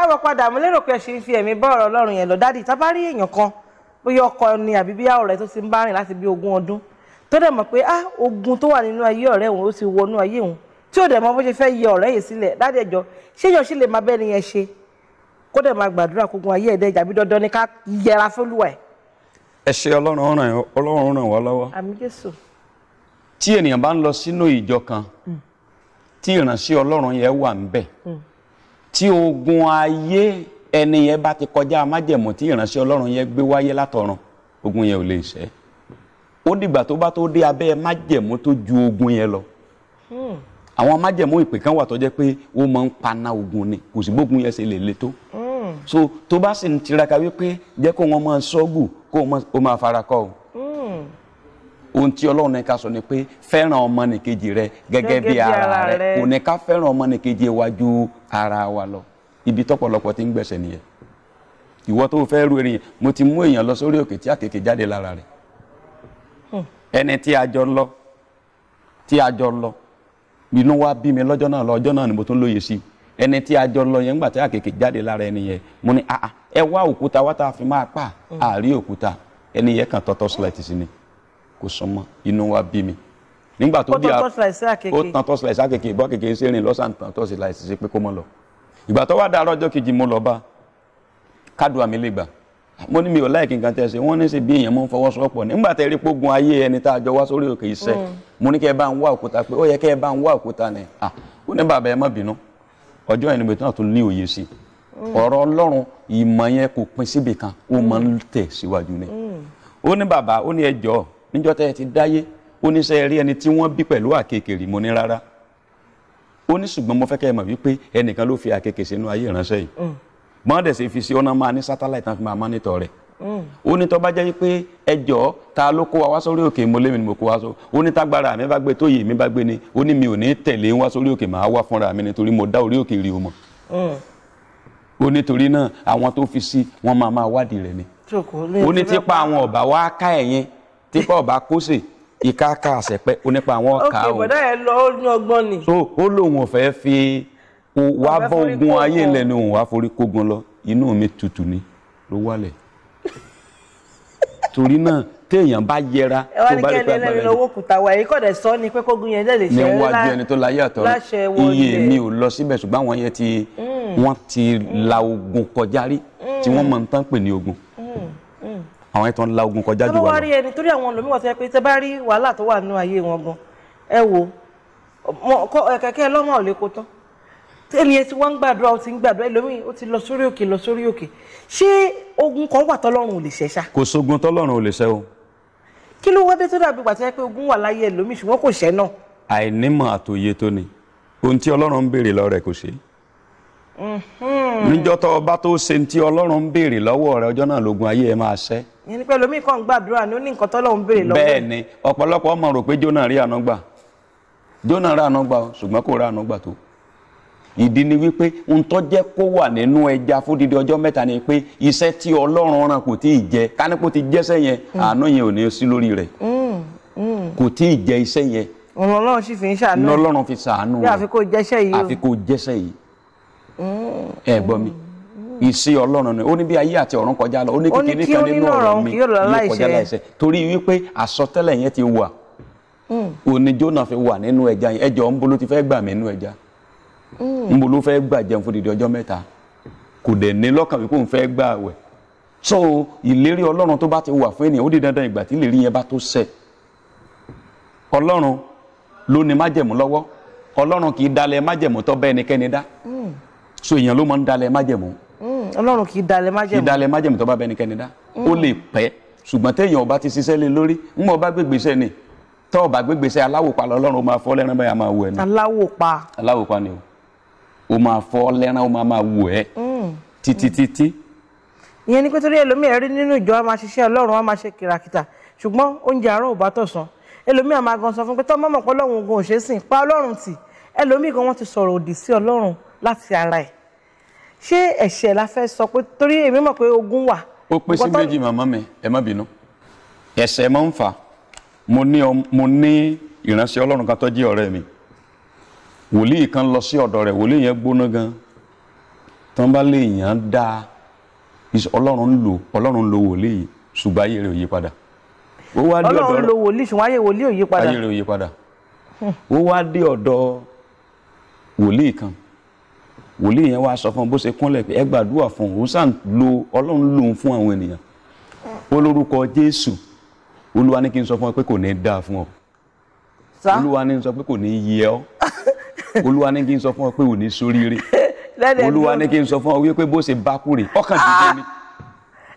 káàbọ̀ padà mo lérò pé ẹ ṣe ń fi ẹ̀mí bá ọ̀rọ̀ ọlọ́run yẹn lọ dádì tá a bá rí èèyàn kan bóyá ọkọ ni àbí bíyá ọ̀rẹ́ tó ti ń bá rìn láti bí ogún ọdún tó dẹ̀ mọ̀ pé ah ogun tó wà nínú ayé ọ̀rẹ́ òun ó ti wọnú ayé òun tí ò dẹ̀ mọ̀ bó ṣe fẹ́ yẹ ọ̀rẹ́ yìí sílẹ̀ dádì ẹ̀jọ́ ṣé èèyàn sì lè máa bẹ́ẹ̀ nìyẹn ṣe kó dẹ̀ máa gbàdúrà kógun ayé ẹ̀dẹ́ ìjàbí dandan ni ká yẹra fólúwa ẹ̀. ẹ ṣe ọlọ́run ràn wá lọ́wọ́ àmín jésù tí ènìyàn bá ń lọ sínú ìjọ kan mm. tí ìránṣẹ́ ọlọ́run yẹn wà ń tí ogun ayé ẹni yẹn bá ti kọjá májẹ̀mú tí ìránṣẹ́ ọlọ́run yẹn gbé wáyé látọ̀run ogun yẹn ò lè ṣẹ́ ó dìgbà tó bá tó dé abẹ́ májẹ̀mú tó ju ogun yẹn lọ hmm. àwọn májẹ̀mú ìpè kan wà tó jẹ́ pé ó máa ń paná ogun ni kò sí gbógun yẹn ṣe lè le tó hmm. so tó bá sì ń tiraka wípé jẹ́ kó wọn máa ṣọ́gù kó o máa fara kọ́ o ohun tí ọlọ́run ní ká sọ ni pé fẹ́ràn ọmọnìkejì rẹ gẹ́gẹ́ bí ara rẹ kò ní ká fẹ́ràn ọmọnìkejì wa ju ara wa lọ ibi tọ́pọ̀lọpọ̀ ti ń gbẹ̀sẹ̀ nìyẹn ìwọ tó fẹ́ ru erin mo ti mú èèyàn lọ sórí òkè tí àkèké jáde lára rẹ̀ hmm. ẹni tí a jọ lọ tí a jọ lọ inú wa bí mi lọ́jọ́ náà lọ́jọ́ náà ni mo tún lóye sí ẹni tí a jọ lọ yẹn ńgbà tí àkèké jáde lára ẹni yẹn mo ní ẹ wá òkúta wá tá a fi máa pa àárí hmm. òkúta ẹni yẹn kàn tọ́tọ́ sílẹ̀ tì sí ni kò súnmọ́ inú wa bí mi nígbà tó di a ó tán tọ́sí láìsí àkèké ìbọn àkèké ń sẹ́rìn lọ́sàn tán tọ́sí láìsí ṣe pé kó mọ̀ lọ ìgbà tó wá da arọ́jọ́ kejì mo lọ bá kádùá mi lè gbà mo ní mi ò láìkí nǹkan tẹ́ ṣe wọ́n ní ṣe bí èèyàn mọ́ ń fọwọ́sowọ́pọ̀ nígbà tẹ́ rí pógun ayé ẹni tá a jọ wá sórí òkè iṣẹ́ mm. mo ní kẹ́ ẹ bá ń wá òkúta pé ó yẹ kẹ́ ẹ bá ń wá òkúta ni ó ní bàbá ẹ má bínú ọjọ́ yẹn níbi tí wọ́n tún ní òye sí mm. ọ̀rọ̀ ọlọ́run ìmọ̀ yẹn kò pin síbi kan ó máa ń tẹ̀ síwájú ni mm. ó ní bàbá ó ní ẹjọ́ níjọ́ tẹ́ ẹ ti dáyé ó ní ṣé ẹ rí ẹni tí wọ́n bí pẹ̀lú àkekè rí mo ní rárá ó ní ṣùgbọ́n mo fẹ́ kẹ́ ẹ mọ̀ wípé ẹnìkan ló fi àkekè sínú ayé ìránṣẹ́ yìí bọ́ńdẹ̀ mm. fi sí ọ̀nà máa ní sátáláìtì tán fi máa mọ́nítọ̀ rẹ̀ mm. ó ní tó bá jẹ́ pé ẹ ta ló kó wa wá sórí òkè mo lémi ni mo kó wa sọ ó ní tágbára mi bá gbé tó yè mi bá gbé ni ó ní mi ò ní tẹ̀lé wá sórí òkè màá wá fúnra mi nítorí mo dá orí òkè rí o mọ̀ mm. ó ní torí náà àwọn tó fi sí wọn máa máa wádìí rẹ̀ ni ó ní tipa àwọn ọ̀bà wa ká ẹ̀yìn tí kò bá kó sè ìka ká àṣẹpẹ onípa àwọn ká o. ok bọ̀dá yẹn lọ ó ní ọgbọ́n ni. so ó lóun ò fẹ́ fi wá bọ́ ogun ayé ilẹ̀ ni òun wá forí kógun lọ inú mi tutù ni ló wálẹ̀ torí náà téèyàn bá yẹra tó bá rí pé agbára rẹ lọ́wọ́ kùtà wà yìí kọ̀dẹ̀ sọ ni pé kógun yẹn lè ṣe níwájú ẹni tó láyé àtọ iye mi ò lọ síbẹ̀ ṣùgbọ́n àwọn yẹn ti mm. wọ́n ti la ogun kọjá rí mm. tí wọ́n mọ̀ ń tán pè ní ogun àwọn ẹ̀tàn ńlá ogun kọjá jù wá lọ. tọ́lọ́wọ́ rí ẹni torí àwọn olómìnira tó yẹ pé tẹ bá rí wàhálà tó wà nínú ayé wọn gan ẹ wo kẹ̀kẹ́ lọ́mọ ò lè kó tán ẹni ẹ ti wá ń gbàdúrà ó ti ń gbàdúrà ẹlòmíì ó ti lọ sórí òkè lọ sórí òkè ṣé ogun kan wà tọ́lọ́run ò lè ṣẹ́ ṣá. kò sógun tọ́lọ́run ò lè ṣẹ́ o. kí ló wá dé tó dàbí pàtẹ́ pé ogun wà láyé ẹlòmíì ṣùgbọ́n kò ṣẹ́ náà. àìnímọ̀ àtòyé tó ni ohun tí ọlọ́run ń béèrè lọ rẹ̀ kò ṣe. níjọ́ tó o bá tó ṣe ti ọlọ́run ń béèrè lọ́wọ́ rẹ̀ ọjọ́ náà lógun ayé ẹ máa ṣẹ́ ìyẹn ni pé lomi kan gbàdúrà ní ó ní nǹkan tọ́lọ́ béèrè lọ́wọ́. bẹ́ẹ̀ ni ọ̀pọ̀lọpọ̀ ọmọ rò pé Jónà rí àná gbà Jónà rí àná gbà o ṣùgbọ́n kò rí àná gbà tó ìdí ni wípé ohun tó jẹ́ kó wà nínú ẹja fódìdí ọjọ́ mẹ́ta ni pé iṣẹ́ tí Ọlọ́run rán kò tí ì jẹ kánípò ti jẹ́sẹ̀ yẹn hmm. àánú yẹn ò ní sí lórí rẹ̀ hmm, hmm. kò tí ì jẹ iṣẹ́ yẹn Ọlọ́run sì fi ń ṣàánú ìṣe ọlọ́run ni ó ní bí ayé àti ọ̀run kọjá lọ ó ní kékeré kan nínú ọ̀rọ̀ mi yóò kọjá láìṣẹ torí wípé àsọtẹ́lẹ̀ yẹn ti wà hmm. òní Jónà fi wà nínú ẹja yẹn ẹjọ́ ńbo ló ti fẹ́ gbà mí nínú ẹja hmm. ńbo ló fẹ́ gbà jẹun fún didi ọjọ́ mẹ́ta kò dẹ̀ ní lọ́kàn wípé òun fẹ́ gbà wẹ̀ so ìlérí ọlọ́run tó bá ti wà fún ènìyàn ó di dandan ìgbà tí ìlérí yẹn bá tó ṣẹ ọlọ́run ló ní májẹ̀mú lọ́wọ́ ọlọ́run kì í dalẹ̀ májẹ̀mú tó bá ẹnikẹ́ni dá hmm. so èèyàn ló máa ń dalẹ̀ májẹ̀mú ọlọ́run kì í dalẹ̀ májẹ̀mú. kì í dalẹ̀ májẹ̀mú tó bá bẹ ẹnikẹ́ni dá mm. ó lè pẹ́ ṣùgbọ́n téèyàn ọba ti ṣiṣẹ́ lé lórí ń mọ̀ ọba gbégbèsè ni tọ́ ọba gbégbèsè aláwò pa lọ́lọ́run máa fọ́ lẹ́ran báyà máa wù ẹ́ ni. aláwò pa. aláwò pa ni o o máa fọ́ lẹ́ran o máa máa wù ẹ́ mm. títí títí. ìyẹn ni pé torí ẹlòmíì rí nínú ìjọ a máa ṣiṣẹ́ ọlọ́run a máa ṣe kìràkìtà ṣùgbọ́n oúnjẹ àárọ̀ ò bá tọ̀sán ẹlòmíì a máa gan sọ fún pé tọ́ mọ́mọ́ pọ́ lọ́run ogun òṣèṣìn pa ọlọ́run tì ẹlòmíì gan wọ́n ti sọ̀rọ̀ òdì sí ọlọ́run láti ara ẹ̀ ṣé ẹ̀ṣẹ̀ la fẹ́ sọ pé torí èmi mọ̀ pé ogun wà. ó pé sí méjì màmá mi ẹ má bínú máa ń mo ní mo ní ìránṣẹ́ Ọlọ́run mi wòlíì kan lọ sí ọdọ rẹ wòlíì yẹn gbóná gan tán bá lè yàn án ń lò ń lo wòlíì ṣùgbọ́n ayé rẹ̀ ò yí padà ó wá wòlíì ayé wòlíì ò yí padà ayé ò hmm. kan wòlíì yẹn wá sọ fún un bó ṣe kúnlẹ̀ pé ẹ gbàdúrà fún un òun sàn lo ọlọ́run lòun fún àwọn ènìyàn ó lórúkọ jésù olúwa ní kí n sọ fún ọ pé kò ní dáa fún ọ olúwa ní n sọ pé kò ní yẹ ọ olúwa ní kí n sọ fún ọ pé ò ní ṣoríire olúwa ní kí n sọ fún ọ wípé bó ṣe bá kúrè ọkàn dídé ni.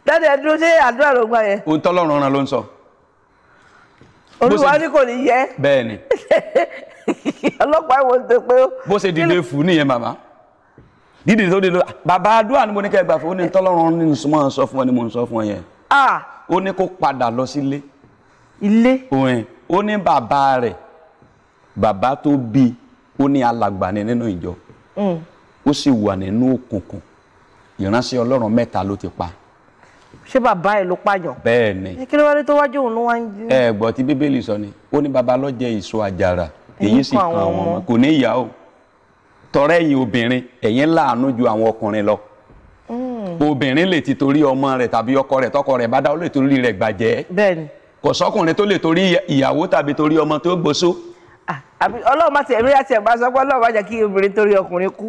dáadé ẹ ṣe àdúrà ló gbà yẹn. ohun tọ́lọ́run ọ̀ràn ló ń sọ. olúwa ní kò ní yẹ. bẹ́ẹ̀ ni. ìwọ ti pé. bó ṣe dìde fún nìyẹn màmá dídì tó dìde bàbá àdúrà ni mo ní kẹ́ gbà fún ó ní tọ́lọ́run ní nsọmọ sọ fún ọ ni mo ń sọ fún ọ yẹn. ó ní kó padà lọ sílé. ilé. òun ó ní bàbá rẹ̀ bàbá tó bí ó ní alàgbà ni nínú ìjọ. Mm. ó sì wà nínú òkùnkùn ìránṣẹ́ Ọlọ́run mẹ́ta ló ti pa. ṣé bàbá ẹ ló pààyàn. bẹ́ẹ̀ ni. kí ló wá dé tó wájú òun ló wá ń jí. ẹ gbọ́ tí bíbélì sọ ni ó ní baba ló àjàrà èyí sì kan àwọn ọmọ kò ní ìyá o tọrẹ yìí obìnrin ẹ̀yin láàánú ju àwọn ọkùnrin lọ mm. obìnrin lè ti torí ọmọ rẹ̀ tàbí ọkọ rẹ̀ tọkọ rẹ̀ bá dá ó lè torí rẹ̀ gbàjẹ́ kò sọkùnrin tó lè torí ìyàwó tàbí torí ọmọ tó gbóṣó. Ah, ọlọ́run má ti ẹ̀mí àti ẹ̀gbá sọ pé ọlọ́run má jẹ́ kí obìnrin torí ọkùnrin kú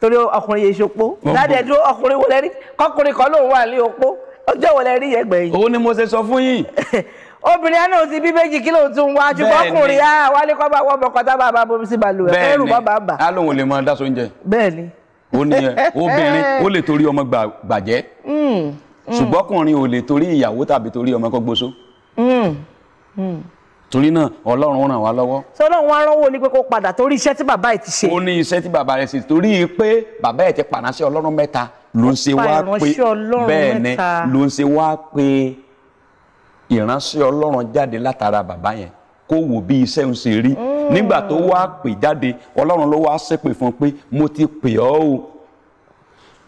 torí ọkùnrin yẹn ṣopó ládẹ dúró ọkùnrin wọlé rí kọkùnrin kan lòun wà ní opó ọjọ́ wọlé rí yẹn gbẹ̀yìn. òun ni mo ṣe sọ fún yín obìnrin àná ti bí méjì kí lóun tún wá ṣùgbọ́n ọkùnrin á wálé kọ́ bá wọ́n bọ̀kọ́ tábà bá bomi sí balùwẹ̀ ẹrù bọ́ bá bà. á lóun ò lè máa dá sóúnjẹ. bẹ́ẹ̀ni. ó ní obìnrin ó lè torí ọmọ gbàjẹ́ hmm, hmm. ṣùgbọ́n ọkùnrin ò lè torí ìyàwó tàbí torí ọmọ kó gbóso hmm, torí náà ọlọ́run ràn wá lọ́wọ́. sọlọ́run wá ránwó ni pé kó padà torí iṣẹ́ tí bàbá ẹ̀ ti ṣe. ó ní iṣẹ́ tí bàbá rẹ̀ ṣe torí pé bàbá ẹ̀ ti pàránṣẹ́ ọlọ́run mẹ́ta ló ń ṣe wá pé bẹ́ẹ̀ ni ló ń ṣe wá pé ìránṣẹ́ ọlọ́run jáde látara bàbá yẹn kó wò bí iṣẹ́ ń ṣe rí mm. nígbà tó wá pè jáde ọlọ́run ló wá ṣépè fún pé mo ti pè ọ́ o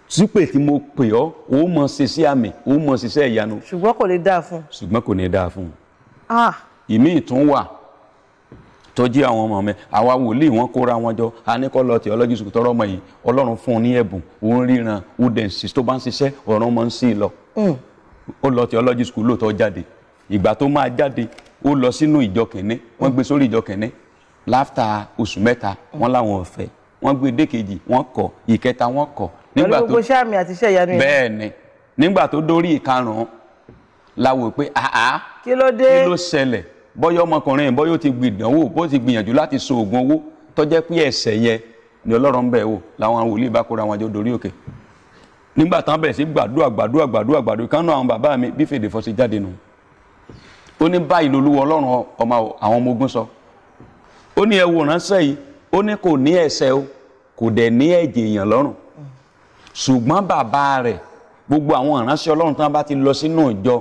sípè tí mo pè ọ́ o mọ̀ ṣiṣẹ́ àmì o mọ̀ ṣiṣẹ́ ìyanu. ṣùgbọ́n kò ní dáa fún un. ṣùgbọ́n kò ní dáa fún un. Ah. ìmí ìtún wà tọ́jú àwọn ọmọ mi àwa wòlíì wọn kóra wọn jọ anikọlọ theology school tọrọ ọmọ yìí ọlọ́run fún un ní ẹ̀bùn òun ríran ó dẹ̀ tó bá ń ṣiṣẹ́ ọ̀ràn ọmọ ń sí lọ mm. ó lọ theology school lóòótọ́ jáde ìgbà tó máa jáde ó lọ sínú ìjọ kẹ̀ní wọ́n gbé sórí ìjọ kẹ̀ní láfta oṣù mẹ́ta wọ́n láwọn ọ̀fẹ́ wọ́n gbé dékejì wọ́n kọ̀ ìkẹta wọ́n kọ̀. pẹ̀lú gbogbo sàmì àti iṣẹ́ ìyanu yẹn. bẹ́ẹ̀ ni nígbà tó dórí ìkarùn-ún la wò pé àá kí ló dé kí ló ṣẹlẹ̀ bọ́yọ́ ọmọkùnrin yẹn bọ́yọ́ ti gbìdánwò bó ti gbìyànjú láti so oògùn owó tọ́jẹ́ pé ẹ̀ṣẹ̀ yẹn ni ọlọ́run bẹ̀ wò làwọn wòlíì bá kóra wọn jọ dórí òkè nígbà tán bẹ̀rẹ̀ sí gbàdúrà gbàdúrà gbàdúrà gbàdúrà kánú àwọn bàbá mi bí fèdè fọ́ sí jáde nù ó ní báyìí lolúwa ọlọ́run ọmọ àwọn ọmọ ogun sọ ó ní ẹ wò yìí ó ní kò ní ẹ̀ṣẹ̀ o kò dẹ̀ ní ẹ̀jẹ̀ èèyàn lọ́rùn ṣùgbọ́n bàbá rẹ̀ gbogbo àwọn ìránṣẹ́ ọlọ́run tí wọ́n bá ti lọ sínú ìjọ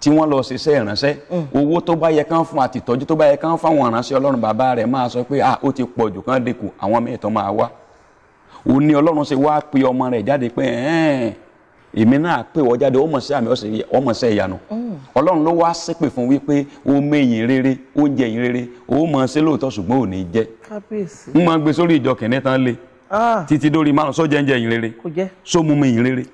tí wọ́n lọ ṣiṣẹ́ ìránṣẹ́ owó tó bá yẹ kán fún àti ìtọ́jú tó bá yẹ kán fáwọn ìránṣẹ́ ọlọ́run bàbá rẹ̀ máa sọ pé ah ó ti pọ̀ jù kán dínkù àwọn mẹ́ẹ̀tọ́ máa wá òun ni ṣe wá pe ọmọ rẹ̀ jáde pé ẹ̀ẹ́n èmi náà pè wọ́n jáde ọmọ sí àmì ọmọ sí ìyanu mm. ọlọ́run ló wá ṣépè fún wípé ó méyìn rere oúnjẹ yìí rere ó mọ̀ ṣe lóòótọ́ ṣùgbọ́n ò ní jẹ́ n máa gbé sórí ìjọ kìnní tán lé ah. títí dórí márùn sọ jẹ́ńjẹ́ yìí rere só mú mi yìí rere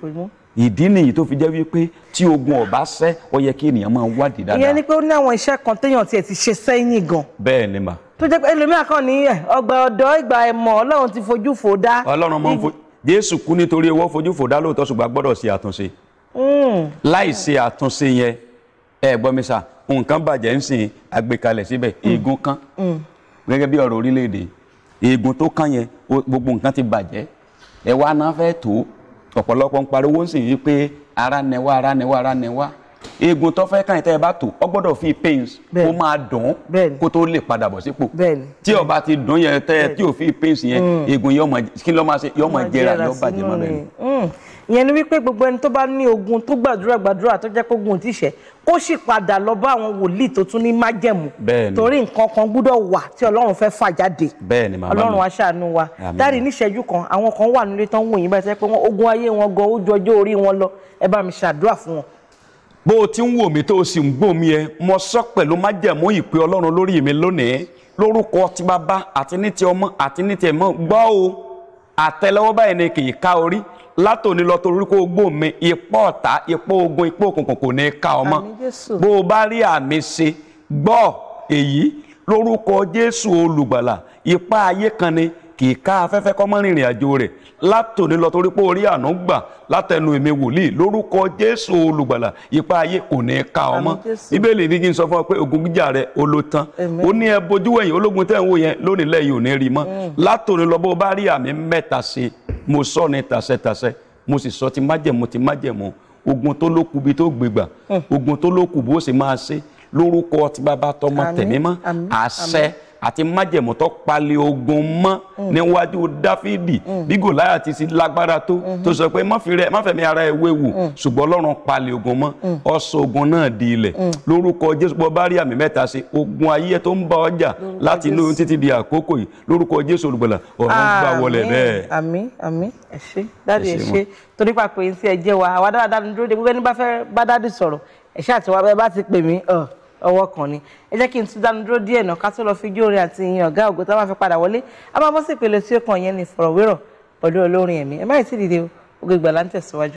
ìdí nìyí tó fi jẹ́ wípé tí ogun ọ̀bá ṣẹ́ ó yẹ kí ènìyàn máa wádìí dáadáa. ìyẹn ni pé ó ní àwọn iṣẹ́ kan téèyàn tiẹ̀ ti ṣe sẹ́yìn ni mà. tó jẹ́ pé ẹlòmíràn kan ní ọgbà ti fojú fò jésù kú nítorí ewọ́ fojú fò dá lóòótọ́ ṣùgbọ́n a gbọ́dọ̀ ṣe àtúnṣe hmm. láì ṣe àtúnṣe yẹn ẹ gbọ́ mi sà nǹkan bàjẹ́ ń sìn àgbékalẹ̀ síbẹ̀ eegun hmm. kan hmm. gẹ́gẹ́ bí ọ̀rọ̀ orílẹ̀-èdè eegun tó kán yẹn gbogbo nǹkan ti bàjẹ́ ẹ wá náà fẹ́ tó ọ̀pọ̀lọpọ̀ ń pariwo ń sìn yí pé ara nẹwa ara nẹwa ara nẹwa eegun tó fẹ́ káyìn tẹ́ ẹ bá tò ọ gbọ́dọ̀ fi pains kó máa dùn kó tó lè padà bọ̀ sípò tí ó bá ti dùn yẹn tẹ́ tí ò fi pains yẹn hmm. eegun yọmọ kí ló máa ṣe yọmọ jẹra yọ bàjẹ́ mọ́ bẹ́ẹ̀ ni. Hmm. ìyẹn ni wípé gbogbo ẹni tó bá ní ogun tó gbàdúrà gbàdúrà tó jẹ́ kógun ti ṣẹ́ kó sì padà lọ bá àwọn wòlíì tó tún ní májẹ̀mú torí nǹkan kan gbúdọ̀ wà tí ọlọ́run fẹ́ fà jáde ọlọ́run aṣàánú wa dárí níṣẹ́jú kan àwọn kan wà nílé tán wòyìn bá ṣe pé ogun ayé wọn gan ojú ọjọ́ orí wọn lọ ẹ bá mi ṣàdúrà fún wọn bó o ti ń wò mí tó o sì ń gbọ́ mi ẹ mo sọ pẹ̀lú májẹ̀mú ìpè ọlọ́run lórí mi lónìí lórúkọ ti bàbá àti ní ti ọmọ àti ní ti ẹ̀mọ́ gbọ́ o àtẹ́lẹwọ́ báyìí ni kì í ká orí látòní lọ torí kó o gbọ́ mi ipò ọ̀tá ipò ogun ipò òkùnkùn kò ní í ká ọmọ bó o bá rí àmì ṣe gbọ́ èyí lórúkọ jésù olùgbàlà ipá ayé kan ni kì í ká afẹ́fẹ́ kọ́ mọ́ rìnrìn àjò rẹ̀ látòní lọ torí pé orí àánú gbà látẹnu èmi wòlíì lórúkọ jésù olùgbàlà ipa ayé kò ní í ka ọmọ bíbélì ní kí n sọ fún ọ pé ogun jíjà rẹ olótán ó ní ẹ bojú wẹ̀yìn ológun tẹ̀ ń wò yẹn lónìí lẹ́yìn ò ní rí mọ́ mm. látòní lọ bó bá rí àmì mẹ́ta sí mo sọ ní tàṣẹtàṣẹ mo sì sọ ti májẹ̀mú ti májẹ̀mú ogun tó ló bí tó gbégbà mm. ogun tó ló bó sì máa ṣe lórúkọ ti bàbá tọmọ tẹ̀mí mọ́ àṣẹ àti májẹ̀mú tó palẹ̀ ogun mọ́ mm. níwájú dáfídì mm. bí gòláyà ti si lágbára tó tó mm-hmm. sọ pé má fẹ̀mí ara ẹ wéwu mm. ṣùgbọ́n ọlọ́run palẹ̀ ogun mọ́ ọ̀sọ̀ ogun náà di ilẹ̀ lórúkọ jésù bọ́ bá rí àmì mẹ́ta ṣe ogun ayé tó ń bá ọjà láti inú títí di àkókò yìí lórúkọ jésù olùgbàlà ọ̀run gbà wọlé bẹ́ẹ̀. àmín àmín ẹ ṣé dáàdi ẹ ṣé torí pàpẹ́ sí ẹ jẹ́ wa àwa dáadáa dúró de gbogbo ẹni bá fẹ́ bá dáàdi sọ̀rọ̀ ẹ ṣáà tí wàá bá ti pè mí ọwọ́ kan ni ẹ jẹ́ kí n tún dánu dúró díẹ̀ náà ká tó lọ fi jó orin àti ìyìn ọ̀gá ògo tá a bá fi padà wọlé a máa bọ́ sí ìpele tí ó kàn yẹn ní ìfọ̀rọ̀wérọ̀ pẹ̀lú olórin ẹ̀mí ẹ má ì tí ì dìde Ògo Ìgbàlà ń tẹ̀síwájú.